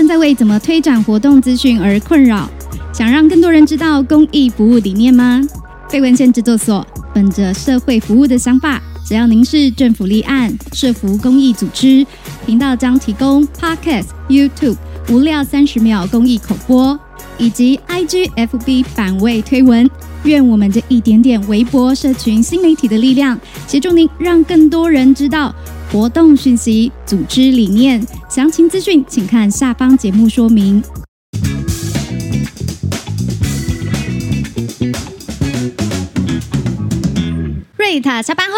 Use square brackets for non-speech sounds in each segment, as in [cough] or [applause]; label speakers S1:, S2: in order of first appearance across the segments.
S1: 正在為怎麼推展活動資訊而困擾，想讓更多人知道公益服務理念嗎？被文獻製作所本着社會服務的想法，只要您是政府立案社服公益組織，頻道將提供 Podcast、YouTube 無料三十秒公益口播以及 IG FB 版位推文。願我們這一點點微薄社群新媒體的力量，協助您讓更多人知道。活動訊息、組織理念、詳情資訊，請看下方節目說明。瑞塔下班後，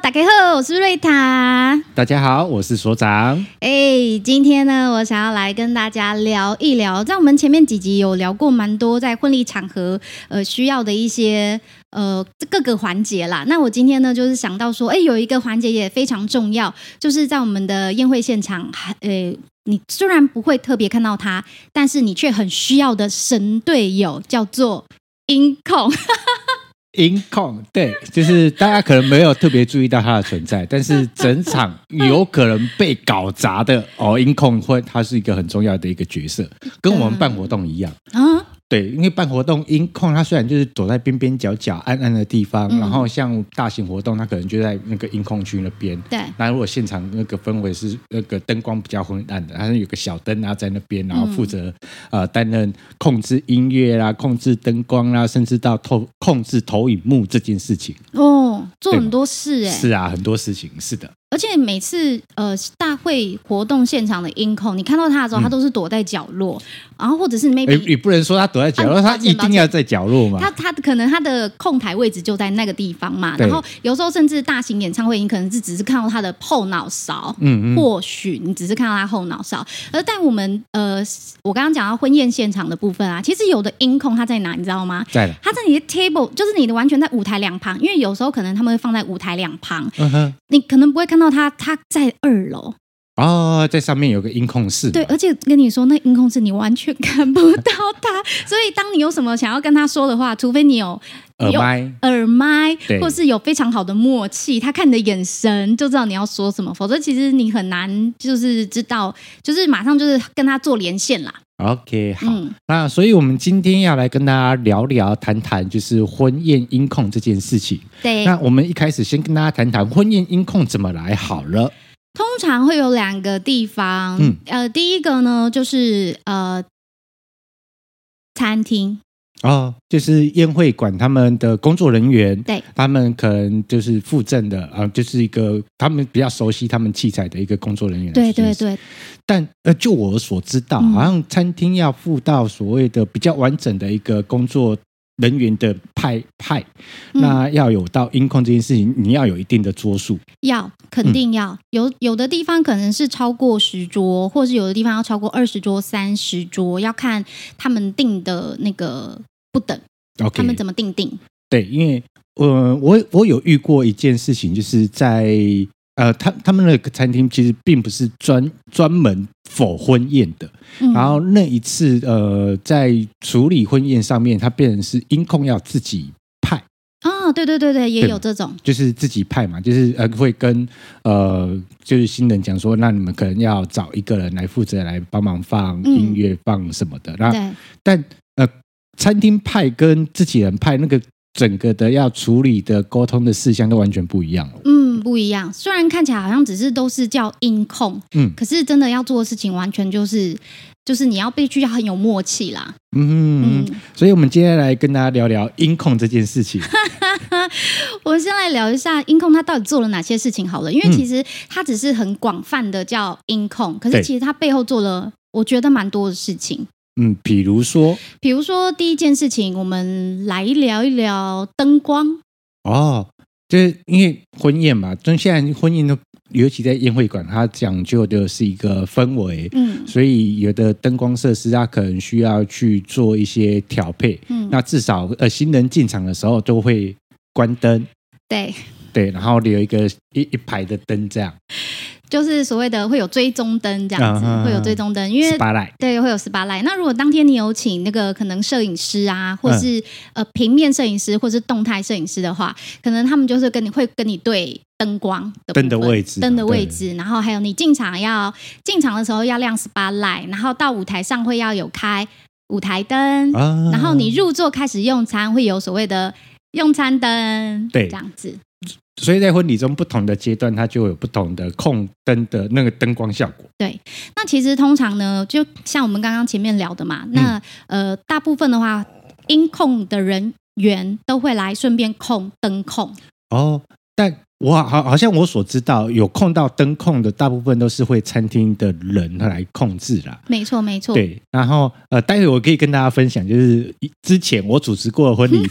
S1: 大家好，我是瑞塔。
S2: 大家好，我是所長。
S1: 哎、欸，今天呢，我想要來跟大家聊一聊，在我們前面幾集有聊過蠻多在婚禮場合呃需要的一些呃各個環節啦。那我今天呢，就是想到說，哎、欸，有一個環節也非常重要，就是在我們的宴會現場，還、欸、呃，你雖然不會特別看到它，但是你卻很需要的神隊友叫做音控。 [laughs]
S2: 音控對，就是大家可能沒有特別注意到它的存在，但是整場有可能被搞砸的哦，音控會，它是一個很重要的一個角色，跟我們辦活動一樣啊。Uh-huh. 對，因為辦活動音控，它雖然就是躲在邊邊角角、暗暗的地方、嗯，然後像大型活動，它可能就在那個音控區那邊。對，那如果現場那個氛圍是那個燈光比較昏暗的，還是有個小燈啊在那邊，然後負責、呃嗯呃、擔任控制音樂啦、控制燈光啦，甚至到投控制投影幕這件事情
S1: 哦，做很多事哎、欸，是
S2: 啊，很多事情是的。
S1: 而且每次呃大會活動現場的音控，你看到他的時候，他都是躲在角落，嗯、然後或者是 maybe、欸、
S2: 也不能說他躲在角落，啊、他一定要在角落嘛？
S1: 他他可能他的控台位置就在那個地方嘛。然後有時候甚至大型演唱會，你可能是只是看到他的後腦勺，嗯嗯，或許你只是看到他後腦勺。而在我們呃，我剛剛講到婚宴現場的部分啊，其實有的音控他在哪你知道嗎？在他在你的 table，就是你的完全在舞台兩旁，因為有時候可能他們會放在舞台兩旁，嗯哼，你可能不會看到。那他他在
S2: 二樓哦，在上面有個音控室，對，
S1: 而且跟你說，那音控室你完全看不到他， [laughs] 所以當你有什麼想要跟他說的話，除非你有，你有耳麥、耳麥，或是有非常好的默契，他看你的眼神就知道你要說什麼，否則其實你很難就是知道，就是馬上就是跟他做連線啦。
S2: OK，好、嗯。那所以，我們今天要來跟大家聊聊、談談，就是婚宴音控這件事情。對，那我們一開始先跟大家談談婚宴音控怎麼來好了。嗯、
S1: 通常會有兩個地方、嗯，呃，第一個呢，就是呃，餐廳。
S2: 哦，就是宴會館他們的工作人員，對，他們可能就是附贈的啊、呃，就是一個他們比較熟悉他們器材的一個工作人員。對對對。就是、但呃，就我所知道，嗯、好像餐廳要附到所謂的比較完整的一個工作人員的派派、嗯，那要有到音控這件事情，你要有一定的桌數，
S1: 要肯定要、嗯、有，有的地方可能是超過十桌，或是有的地方要超過二十桌、三十桌，要看他們訂的那個。不
S2: 等，okay, 他們怎麼訂定？對，因為、呃、我我有遇過一件事情，就是在呃，他他們的餐廳其實並不是專專門 for 婚宴的、嗯。然後那一次呃，在處理婚宴上面，他變成是音控要自己派。
S1: 啊、哦，對對對對，也有這種，
S2: 就是自己派嘛，就是呃，會跟呃，就是新人講說，那你們可能要找一個人來負責來幫忙放音樂放什麼的。嗯、那對但呃。餐廳派跟自己人派，那個整個的要處理的溝通的事項都完全不一樣
S1: 了。嗯，不一樣。雖然看起來好像只是都是叫音控，嗯，可是真的要做的事情完全就是就是你要必須要很有默契啦。嗯
S2: 嗯，所以我們今天來跟大家聊聊音控這件事情
S1: [laughs] 我們先來聊一下音控，他到底做了哪些事情好了？因為其實他只是很廣泛的叫音控，可是其實他背後做了我覺得蠻多的事情。
S2: 嗯，比如說，
S1: 比如說第一件事情，我們來聊一聊燈光
S2: 哦，就是因為婚宴嘛，就現在婚宴尤其在宴會館，它講究的是一個氛圍，嗯，所以有的燈光設施啊，它可能需要去做一些調配，嗯，那至少呃新人進場的時候都會關燈，對對，然後留一個一一排的燈這樣。
S1: 就是所謂的會有追蹤燈這樣子，uh -huh. 會有追蹤燈，因為，spotlight. 對會有 spotlight。那如果當天你有請那個可能攝影師啊，或是呃平面攝影師，或是動態攝影師的話，可能他們就是跟你會跟你對燈光
S2: 的燈的位置，燈的位置。
S1: 然後還有你進場要進場的時候要亮 spotlight，然後到舞台上會要有開舞台燈，uh
S2: -huh. 然後你
S1: 入座開始用餐會有所謂的用餐燈，對這樣子。
S2: 所以在婚禮中，不同的階段，它就有不同的控燈的那個燈光效果。
S1: 對，那其實通常呢，就像我們剛剛前面聊的嘛，嗯、那呃，大部分的話，音控的人員都會來順便控燈控。
S2: 哦，但我好好像我所知道，有控到燈控的，大部分都是會餐廳的人來控制啦。
S1: 沒錯，沒錯。對，
S2: 然後呃，待會我可以跟大家分享，就是之前我主持過的婚禮，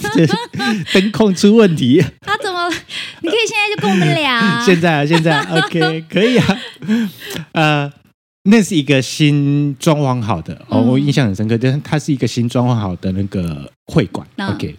S2: 燈 [laughs] 控出問題。
S1: 他你可以現在就跟我們聊。現在
S2: 啊，現在，啊、 [laughs] OK 可以啊。呃，那是一個新裝潢好的，嗯，我印象很深刻。就是它是一個新裝潢好的那個會館，嗯。OK，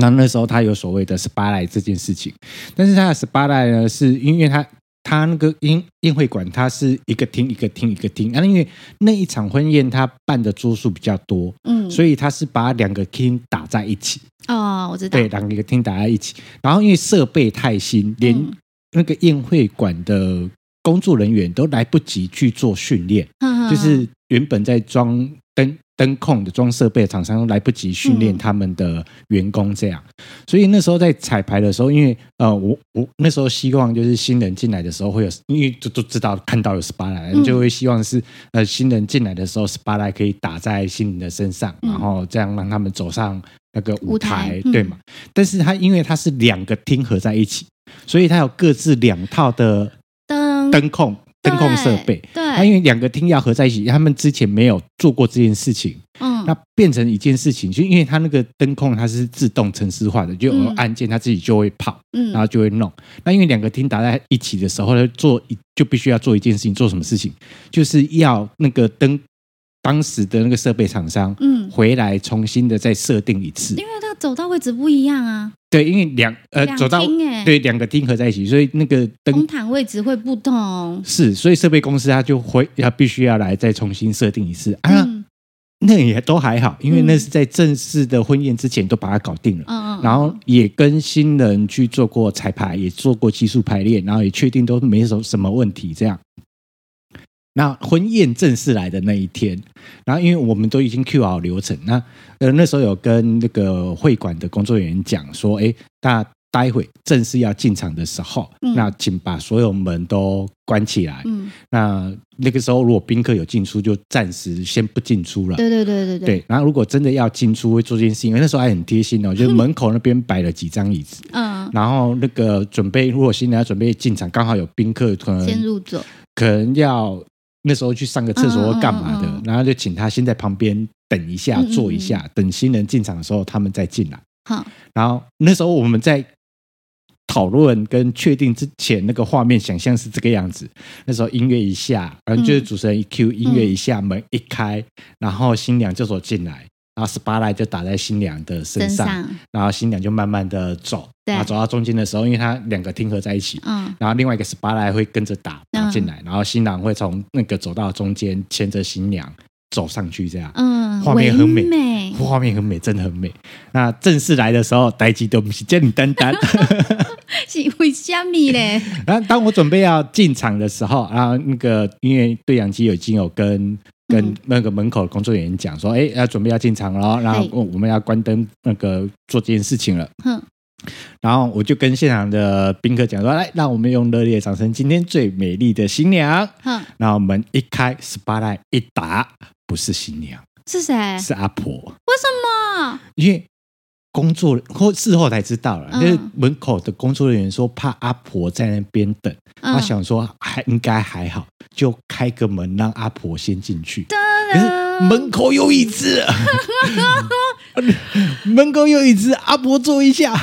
S2: 那那時候他有所謂的 Spotlight 這件事情，但是他的 Spotlight 呢，是因為他。他那個宴宴會館，他是一個廳一個廳一個廳，啊，因為那一場婚宴他辦的桌數比較多，嗯，所以他是把兩個廳打在一起。
S1: 哦，我知道，對，兩
S2: 個廳打在一起。然後因為設備太新，連那個宴會館的工作人員都來不及去做訓練，嗯，就是原本在裝燈。燈控的裝設備廠商都來不及訓練他們的員工，這樣、嗯，所以那時候在彩排的時候，因為呃，我我那時候希望就是新人進來的時候會有，因為都都知道看到有 spotlight 就會希望是呃新人進來的時候 spotlight 可以打在新人的身上、嗯，然後這樣讓他們走上那個舞台，舞台嗯、對嘛？但是它因為它是兩個廳合在一起，所以它有各自兩套的
S1: 燈燈
S2: 控。燈控設備，對，對那因為兩個廳要合在一起，他們之前沒有做過這件事情，嗯，那變成一件事情，就因為他那個燈控它是自動程式化的，就有按鍵，他自己就會跑，嗯，然後就會弄。那因為兩個廳打在一起的時候，做一就必須要做一件事情，做什麼事情？就是要那個燈。當時的那個設備廠商、嗯、回來重新的再設定一次，因為
S1: 它走到位置不一樣啊。
S2: 對，因為兩呃兩走到對兩個燈合在一起，所以那個燈燈
S1: 位置會不同。
S2: 是，所以設備公司它就會它必須要來再重新設定一次啊、嗯。那也都還好，因為那是在正式的婚宴之前都把它搞定了，嗯嗯，然後也跟新人去做過彩排，也做過技術排練，然後也確定都沒什麼什麼問題這樣。那婚宴正式來的那一天，然後因為我們都已經 Q 好流程，那呃那時候有跟那個會館的工作人員講說，哎，那待會正式要進場的時候，嗯、那請把所有門都關起來、嗯。那那個時候如果賓客有進出，就暫時先不進出了。對
S1: 對對對對。對，
S2: 然後如果真的要進出會做件事，因為那時候還很貼心哦，就是門口那邊擺了幾張椅子。嗯，然後那個準備，如果新人要準備進場，剛好有賓客可能先入座，可能要。那時候去上個廁所或幹嘛的、啊，然後就請他先在旁邊等一下，坐一下，嗯嗯，等新人進場的時候他們再進來。好，然後那時候我們在討論跟確定之前那個畫面想象，是這個樣子。那時候音樂一下，然後就是主持人一 cue 音樂一下、嗯，門一開，然後新娘就走進來。然後 spotlight 就打在新娘的身上，上，然後新娘就慢慢的走，啊，然後走到中間的時候，因為它兩個貼合在一起，嗯，然後另外一個 spotlight 會跟着打打進來、嗯，然後新郎會從那個走到中間牽着新娘走上去，這樣，嗯，畫面很美，畫面很美，真的很美。那正式來的時候，代誌都不是，簡簡單單，
S1: 是為什麼呢？
S2: 啊， [laughs] 當我準備要進場的時候，啊，那個因為對講機已經有跟。跟那個門口工作人員講說：“哎、欸，要準備要進場了，然後我們要關燈，那個做這件事情了。”嗯，然後我就跟現場的賓客講說：“來，讓我們用熱烈的掌聲，今天最美麗的新娘。”嗯，然後門一開，spotlight 一打，不是新娘，
S1: 是誰？是阿婆。為什麼？
S2: 因為工作人事後才知道了、嗯，就是門口的工作人員說怕阿婆在那邊等、嗯，他想說還應該還好。就開個門讓阿婆先進去，可是門口有椅子，門口有椅子，阿婆坐一下。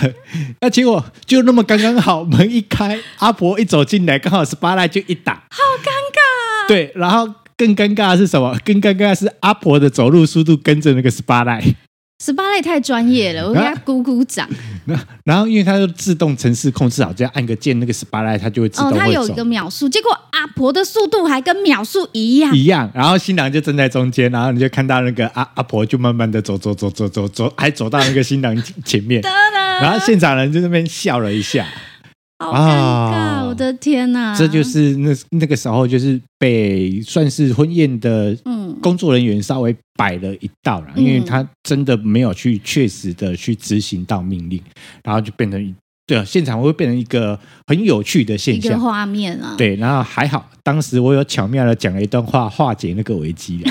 S2: 那結果就那麼剛剛好，門一開，阿婆一走進來，剛好十八來就一打，好尷尬。對，然後更尷尬的是什麼？更尷尬的是阿婆的走路速度跟着那個十八來
S1: 十八類太專業了，我給他鼓鼓掌。
S2: 那然，然後因為它就自動程式控制好，只要按個鍵，那個十八類它就會自動會走。哦，它有一個
S1: 秒數，結果阿婆的速度還跟秒數一樣。一
S2: 樣。然後新郎就站在中間，然後你就看到那個阿阿婆就慢慢的走走走走走走，還走到那個新郎前面。 [laughs] 噠
S1: 噠。然後現
S2: 場人就那邊笑了一下。好。哦好
S1: 的天吶、啊，這就是
S2: 那那個時候，就是被算是婚宴的工作人員稍微擺了一道了、嗯，因為他真的沒有去確實的去執行到命令，然後就變成對啊，現場會變成一個很有趣的現象
S1: 一個畫面啊。對，
S2: 然後還好，當時我有巧妙的講了一段話化解那個危機。 [laughs]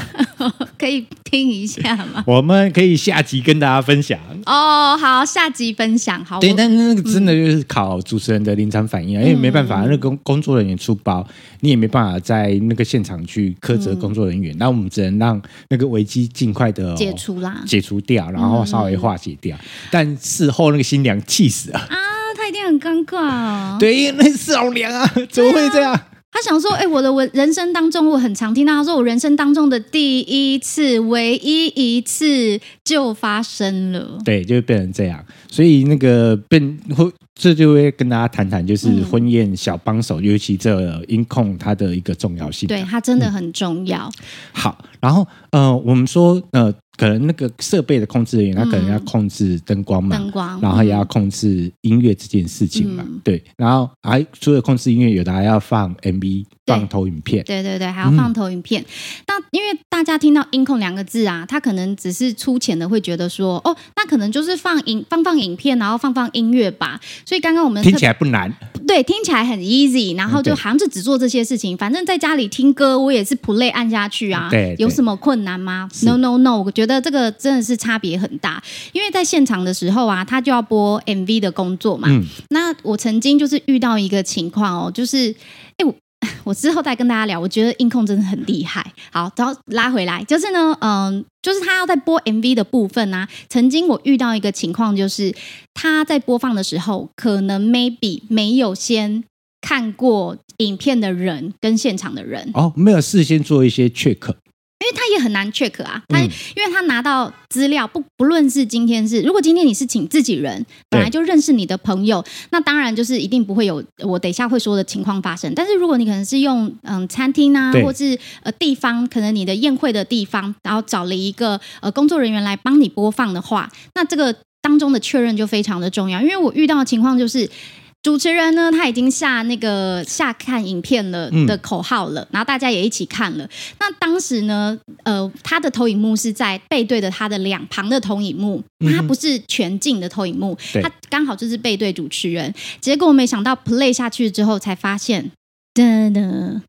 S1: 可以聽一下嗎？
S2: 我們可以下集跟大家分享
S1: 哦。Oh, 好，下集分享好。對，但是那個真的
S2: 就是考主持人的臨場反應、嗯、因為沒辦法，那工、個、工作人員出包，你也沒辦法在那個現場去苛責工作人員。那、嗯、我們只能讓那個危機儘快的、哦、解
S1: 除啦，解
S2: 除掉，然後稍微化解掉。嗯、但事後那個新娘氣死了
S1: 啊，她一定很尷尬。對，那是老
S2: 娘啊，怎麼
S1: 會這樣？哎他想說：“欸、我的我人生當中，我很常聽到他說，我人生當中的第一次、唯一一次就發生了。”
S2: 對，就變成這樣。所以那個變婚，這就會跟大家談談，就是婚宴小幫手、嗯，尤其這音控，它的一個重要性。對，
S1: 它真的很重要。
S2: 嗯、好，然後呃，我們說呃。可能那個設備的控制人員，他可能要控制燈光嘛，嗯、燈
S1: 光，然後也要
S2: 控制音樂這件事情嘛，嗯、對。然後還除了控制音樂，有的還要放 MV，放投影片，
S1: 對對對，還要放投影片。嗯、那因為大家聽到“音控”兩個字啊，他可能只是粗淺的會覺得說，哦，那可能就是放影放放影片，然後放放音樂吧。所以剛剛我們聽起來不難，對，聽起來很 easy，然後就好像是只做這些事情、嗯。反正在家裡聽歌，我也是 play 按下去啊，對對有什麼困難嗎？No no no，我覺得。的這個真的是差別很大，因為在現場的時候啊，他就要播 MV 的工作嘛。嗯，那我曾經就是遇到一個情況哦，就是，哎、欸，我我之後再跟大家聊，我覺得音控真的很厲害。好，然後拉回來，就是呢，嗯、呃，就是他要在播 MV 的部分啊，曾經我遇到一個情況，就是他在播放的時候，可能 maybe 沒有先看過影片的人跟現場的人，
S2: 哦，沒有事先做一些 check。
S1: 因為他也很難 check 啊，他因為他拿到資料不、不論是今天是，如果今天你是請自己人，本來就認識你的朋友，那當然就是一定不會有我等一下會說的情況發生。但是如果你可能是用嗯餐廳啊，或是呃地方，可能你的宴會的地方，然後找了一個呃工作人員來幫你播放的話，那這個當中的確認就非常的重要。因為我遇到的情況就是。主持人呢，他已經下那個下看影片了的口號了、嗯，然後大家也一起看了。那當時呢，呃，他的投影幕是在背對着他的兩旁的投影幕，嗯、他不是全景的投影幕，嗯，他剛好就是背對主持人。結果我沒想到 play 下去之後，才發現真的、嗯、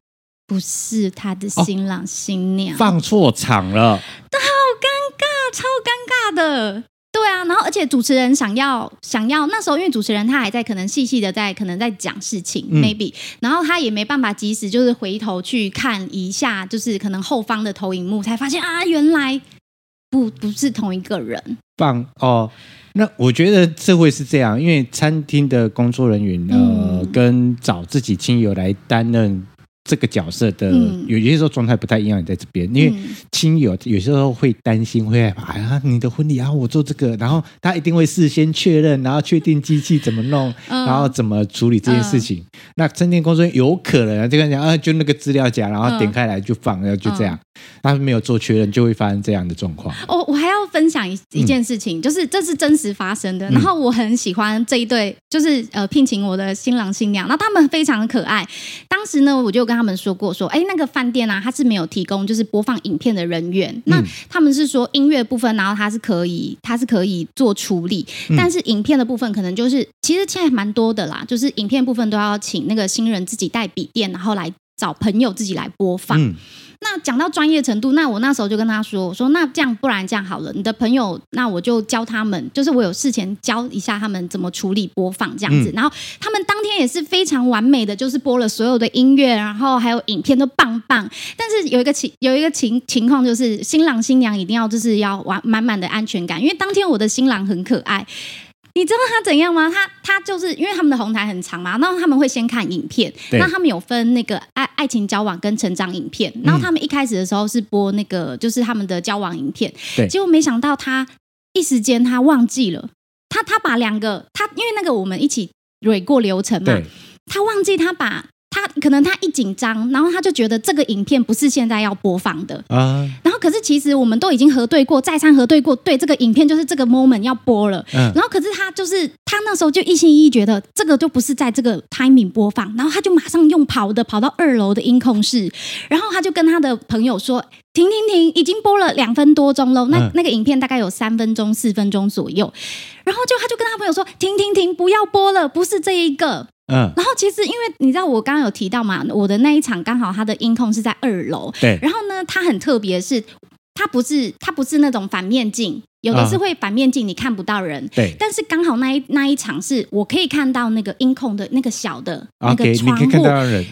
S1: 不是他的新郎新娘、哦，
S2: 放錯場了，
S1: 都好尷尬，超尷尬的。對啊，然後而且主持人想要想要那時候，因為主持人他還在可能細細的在可能在講事情、嗯、，maybe，然後他也沒辦法及時就是回頭去看一下，就是可能後方的投影幕才發現啊，原來不不是同一個人。
S2: 棒，哦，那我覺得這會是這樣，因為餐廳的工作人員、呃、呢、嗯，跟找自己親友來擔任。這個角色的、嗯、有些時候狀態不太一樣，你在這邊，因為親友有些時候會擔心、會害怕、嗯、啊，你的婚禮啊，我做這個，然後他一定會事先確認，然後確定機器怎麼弄，嗯、然後怎麼處理這件事情。嗯嗯、那工作人員有可能就跟他講啊，就那個資料夾，然後點開來就放，然、嗯、後就這樣，他沒有做確認，就會發生這樣的狀況。哦，
S1: 我還要。分享一一件事情、嗯，就是這是真實發生的。然後我很喜歡這一對，就是呃聘請我的新郎新娘，那他們非常的可愛。當時呢，我就跟他們說過說，說、欸、哎那個飯店啊，他是沒有提供就是播放影片的人員。那他們是說音樂部分，然後他是可以，他是可以做處理，但是影片的部分可能就是其實現在蠻多的啦，就是影片部分都要請那個新人自己帶筆電，然後來。找朋友自己來播放，嗯。那講到專業程度，那我那時候就跟他說：“我說那這樣，不然這樣好了，你的朋友，那我就教他們，就是我有事前教一下他們怎麼處理播放這樣子。嗯、然後他們當天也是非常完美的，就是播了所有的音樂，然後還有影片都棒棒。但是有一個情有一個情情況就是，新郎新娘一定要就是要完滿滿的安全感，因為當天我的新郎很可愛。”你知道他怎樣嗎？他他就是因為他們的紅毯很長嘛，然後他們會先看影片，那他們有分那個愛愛情交往跟成長影片，然後他們一開始的時候是播那個、嗯、就是他們的交往影片，結果沒想到他一時間他忘記了，他他把兩個他因為那個我們一起 review 過流程嘛，他忘記他把。他可能他一緊張，然後他就覺得這個影片不是現在要播放的啊。Uh, 然後可是其實我們都已經核對過，再三核對過，對這個影片就是這個 moment 要播了。Uh, 然後可是他就是他那時候就一心一意覺得這個就不是在這個 timing 播放，然後他就馬上用跑的跑到二樓的音控室，然後他就跟他的朋友說：“停停停，已經播了兩分多鐘嘍，那、uh, 那個影片大概有三分鐘四分鐘左右。”然後就他就跟他朋友說：“停停停，不要播了，不是這一個。”嗯，然後其實因為你知道我剛剛有提到嘛，我的那一場剛好他的音控是在二樓，對。然後呢，他很特別是，他不是他不是那種反面鏡，有的是會反面鏡，你看不到人，嗯、對。但是剛好那一那一場是我可以看到那個音控的那個小的 Okay, 那個窗戶，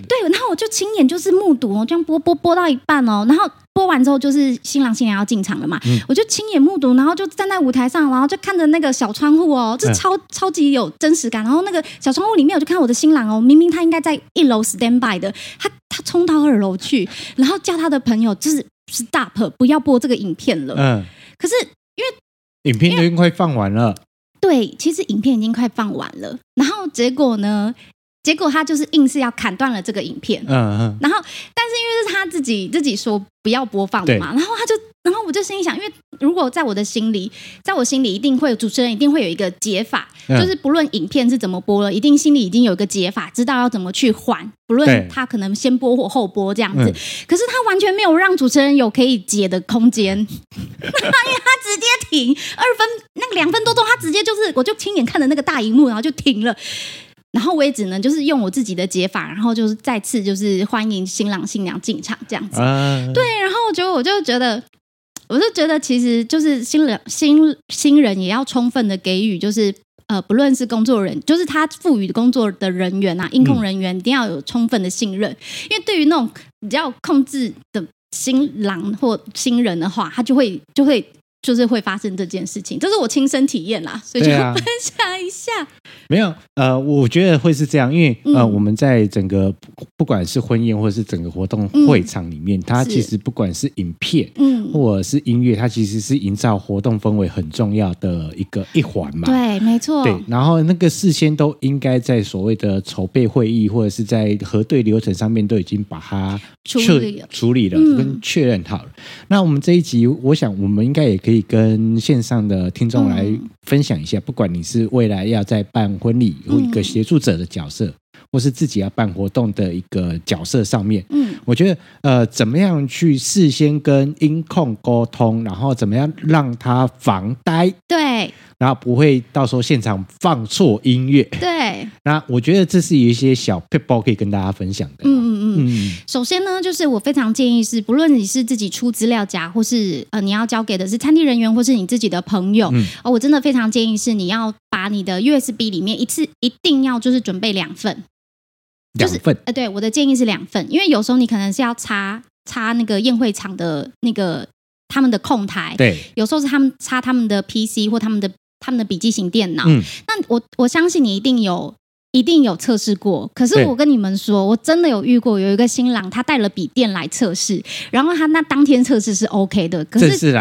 S1: 對。然後我就親眼就是目睹哦，這樣播播播到一半哦，然後。播完之後就是新郎新娘要進場了嘛、嗯，我就親眼目睹，然後就站在舞台上，然後就看着那個小窗戶哦，這超、嗯、超級有真實感。然後那個小窗戶裡面我就看我的新郎哦，明明他應該在一樓 stand by 的，他他衝到二樓去，然後叫他的朋友就是 stop 不要播這個影片了。嗯，可是因
S2: 為影片已經快放完了。
S1: 對，其實影片已經快放完了，然後結果呢？結果他就是硬是要砍斷了這個影片，嗯嗯，然後但是因為是他自己自己說不要播放的嘛，然後他就，然後我就心裡想，因為如果在我的心裡，在我心裡一定會有主持人一定會有一個解法，uh -huh. 就是不論影片是怎麼播了，一定心裡已經有一個解法，知道要怎麼去緩，不論他可能先播或後播這樣子，uh -huh. 可是他完全沒有讓主持人有可以解的空間， [laughs] 因為他直接停二分，那個兩分多鐘，他直接就是我就親眼看着那個大熒幕，然後就停了。然後我也只能就是用我自己的解法，然後就是再次就是歡迎新郎新娘進場這樣子、嗯。對，然後我就我就覺得，我就覺得其實就是新人新新人也要充分的給予，就是呃不論是工作人，就是他賦予工作的人員啊，音控人員一定要有充分的信任、嗯，因為對於那種比較控制的新郎或新人的話，他就會就會。就是會發生這件事情，這是我親身體驗啦，所以就分享一下、
S2: 啊。沒有，呃，我覺得會是這樣，因為、嗯、呃，我們在整個不管是婚宴或者是整個活動會場裡面、嗯，它其實不管是影片或者是音樂、嗯，它其實是營造活動氛圍很重要的一個一環嘛。
S1: 對，沒錯。對，
S2: 然後那個事先都應該在所謂的籌備會議或者是在核對流程上面都已經把它處理了處理了，處理了跟確認好了、嗯。那我們這一集，我想我們應該也可以。可以跟線上的聽眾來分享一下、嗯，不管你是未來要在辦婚禮，或一個協助者的角色、嗯，或是自己要辦活動的一個角色上面。嗯我覺得，呃，怎麼樣去事先跟音控溝通，然後怎麼樣讓他防呆，對，然後不會到時候現場放錯音樂，對。那我覺得這是有一些小撇步可以跟大家分享的。
S1: 嗯嗯嗯嗯。首先呢，就是我非常建議是，不論你是自己出資料夾，或是呃你要交給的是餐廳人員，或是你自己的朋友，啊、嗯呃，我真的非常建議是你要把你的 USB 裡面一次一定要就是準備兩份。就是兩份，對，我的建議是兩份，因為有時候你可能是要插插那個宴會場的那個他們的控台，有時候是他們插他們的 PC 或他們的他們的筆記型電腦。嗯，那我我相信你一定有一定有測試過，可是我跟你們說，我真的有遇過有一個新郎他帶了筆電來測試，然後他那當天測試是 OK 的，可是正式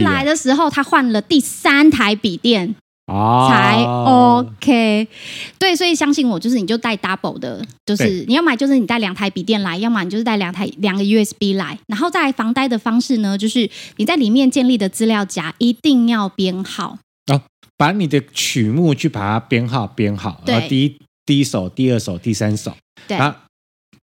S1: 來的時候他換了第三台筆電。
S2: 哦，才
S1: OK，對，所以相信我，就是你就帶 double 的，就是你要買，就是你帶兩台筆電來，要麼你就是帶兩台兩個 USB 來，然後在防呆的方式呢，就是你在裡面建立的資料夾一定要編號、
S2: 哦、把你的曲目去把它編號編號，對，第一第一首，第二首，第三首，對，然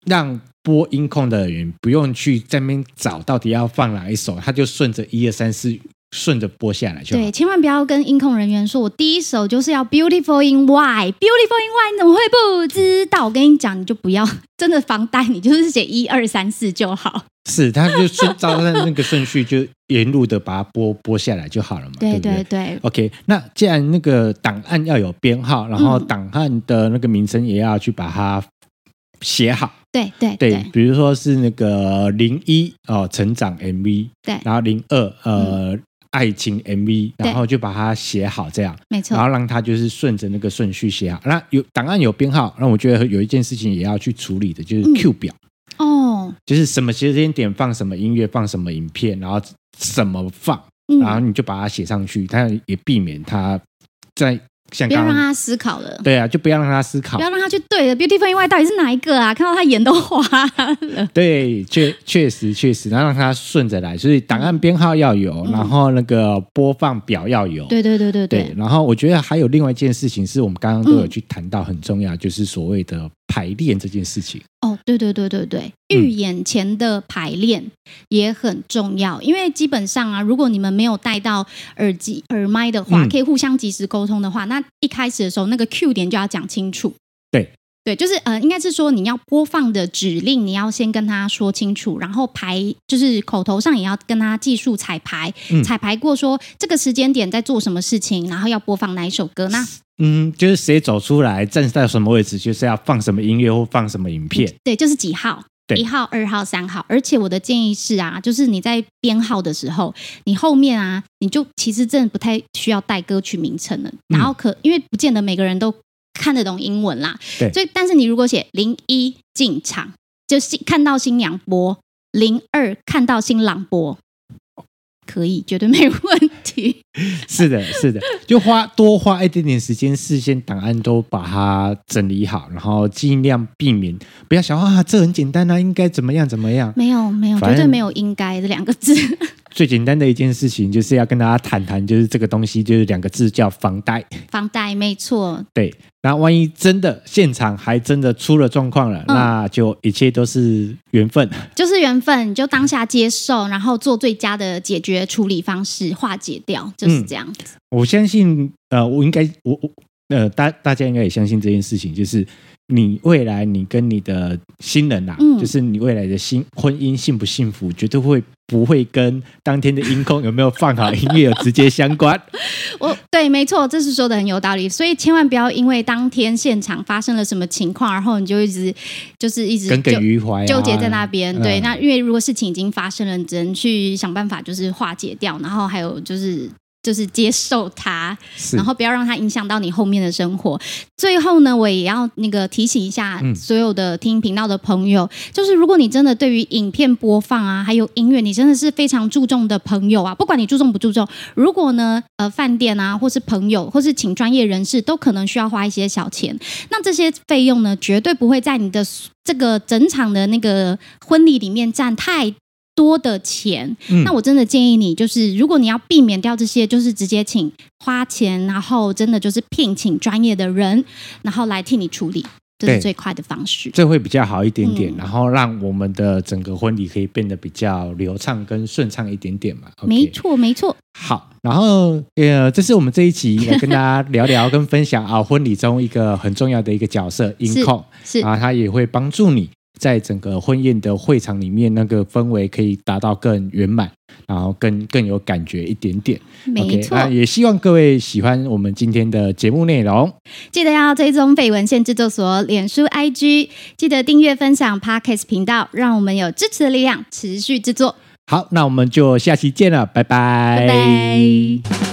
S2: 讓播音控的人不用去在這邊找到底要放哪一首，他就順着一二三四。順着播下來就好，對，
S1: 千萬不要跟音控人員說，我第一首就是要 beautiful in white，beautiful in white，你怎麼會不知道？嗯、我跟你講，你就不要真的防呆，你就是寫一二三四就好。
S2: 是，他就順照他那個順序，就沿路的把它播播下來就好了嘛。對對對。對對對對對 OK，那既然那個檔案要有編號，然後檔案的那個名稱也要去把它寫好、嗯。
S1: 對對對，對，對，
S2: 比如說是那個零一哦，成長 MV，對，然後零二呃。嗯愛情 MV，然後就把它寫好，這樣沒錯，然後讓它就是順着那個順序寫好。那有檔案有編號，那我覺得有一件事情也要去處理的，就是 Q 表、嗯、
S1: 哦，
S2: 就是什麼時間點放什麼音樂，放什麼影片，然後怎麼放，然後你就把它寫上去、嗯，它也避免它在。不要讓他
S1: 思考了。對
S2: 啊，就不要讓他思考，不要
S1: 讓他去對了。Beautiful In White 到底是哪一個啊？看到他眼都花了。
S2: 對，確確實確實，然後讓他順着來。所以檔案編號要有、嗯，然後那個播放表要有。嗯、
S1: 對對對對對，對。
S2: 然後我覺得還有另外一件事情，是我們剛剛都有去談到，很重要，嗯、就是所謂的排練這件事情。
S1: 哦，對對對對對，預演前的排練也很重要，嗯、因為基本上啊，如果你們沒有帶到耳機耳麥的話、嗯，可以互相及時溝通的話，那一開始的時候那個 Q 點就要講清楚。對。對，就是呃，應該是說你要播放的指令，你要先跟他說清楚，然後排就是口頭上也要跟他技術彩排、嗯，彩排過說這個時間點在做什麼事情，然後要播放哪一首歌呢？
S2: 嗯，就是誰走出來站在什麼位置，就是要放什麼音樂或放什麼影片。
S1: 對，就是幾號，對，一號、二號、三號。而且我的建議是啊，就是你在編號的時候，你後面啊，你就其實真的不太需要帶歌曲名稱了。然後可、嗯、因為不見得每個人都。看得懂英文啦，所以但是你如果寫零一進場，就新、是、看到新娘播；零二看到新郎播，可以，絕對沒問題。
S2: 是的，是的，就花多花一點點時間，事先檔案都把它整理好，然後儘量避免不要想啊，這很簡單啊，應該怎麼樣怎麼樣？
S1: 沒有，沒有，絕對沒有“應該”這兩個字。
S2: 最簡單的一件事情就是要跟大家談談，就是這個東西就是兩個字叫防呆。
S1: 防呆沒錯。
S2: 對，那萬一真的現場還真的出了狀況了、嗯,那就一切都是緣分。
S1: 就是緣分，你就當下接受，然後做最佳的解決處理方式化解掉，就是這樣子。嗯、
S2: 我相信，呃，我應該，我我呃，大大家應該也相信這件事情，就是。你未來，你跟你的新人吶、啊嗯，就是你未來的新婚姻幸不幸福，絕對會不會跟當天的音控 [laughs] 有沒有放好音樂 [laughs] 有直接相關？
S1: 我對，沒錯，這是說的很有道理，所以千萬不要因為當天現場發生了什麼情況，然後你就一直就是一直耿耿於
S2: 懷、啊，糾結在那邊、嗯。對，那
S1: 因為如果事情已經發生了，你只能去想辦法就是化解掉，然後還有就是。就是接受它，然後不要讓它影響到你後面的生活。最後呢，我也要那個提醒一下所有的聽頻道的朋友，嗯，就是如果你真的對於影片播放啊，還有音樂，你真的是非常注重的朋友啊，不管你注重不注重，如果呢，呃，飯店啊，或是朋友，或是請專業人士，都可能需要花一些小錢。那這些費用呢，絕對不會在你的這個整場的那個婚禮裡面占太。多的錢，那我真的建議你，就是如果你要避免掉這些，就是直接請花錢，然後真的就是聘請專業的人，然後來替你處理，這就是最快的方式，這
S2: 會比較好一點點。嗯，然後讓我們的整個婚禮可以變得比較流暢跟順暢一點點嘛。沒錯，okay，沒錯。好，然後呃，這是我們這一集來跟大家聊聊跟分享啊， [laughs] 婚禮中一個很重要的一個角色，音控是啊，然後他也會幫助你。在整個婚宴的會場裡面，那個氛圍可以達到更圓滿，然後更更有感覺一點點。沒錯，okay, 那也希望各位喜歡我們今天的節目內容，
S1: 記得要追蹤緋聞線制作所臉書 IG，記得訂閱分享 Podcast 頻道，讓我們有支持的力量持續制作。
S2: 好，那我們就下期見了，拜拜。拜拜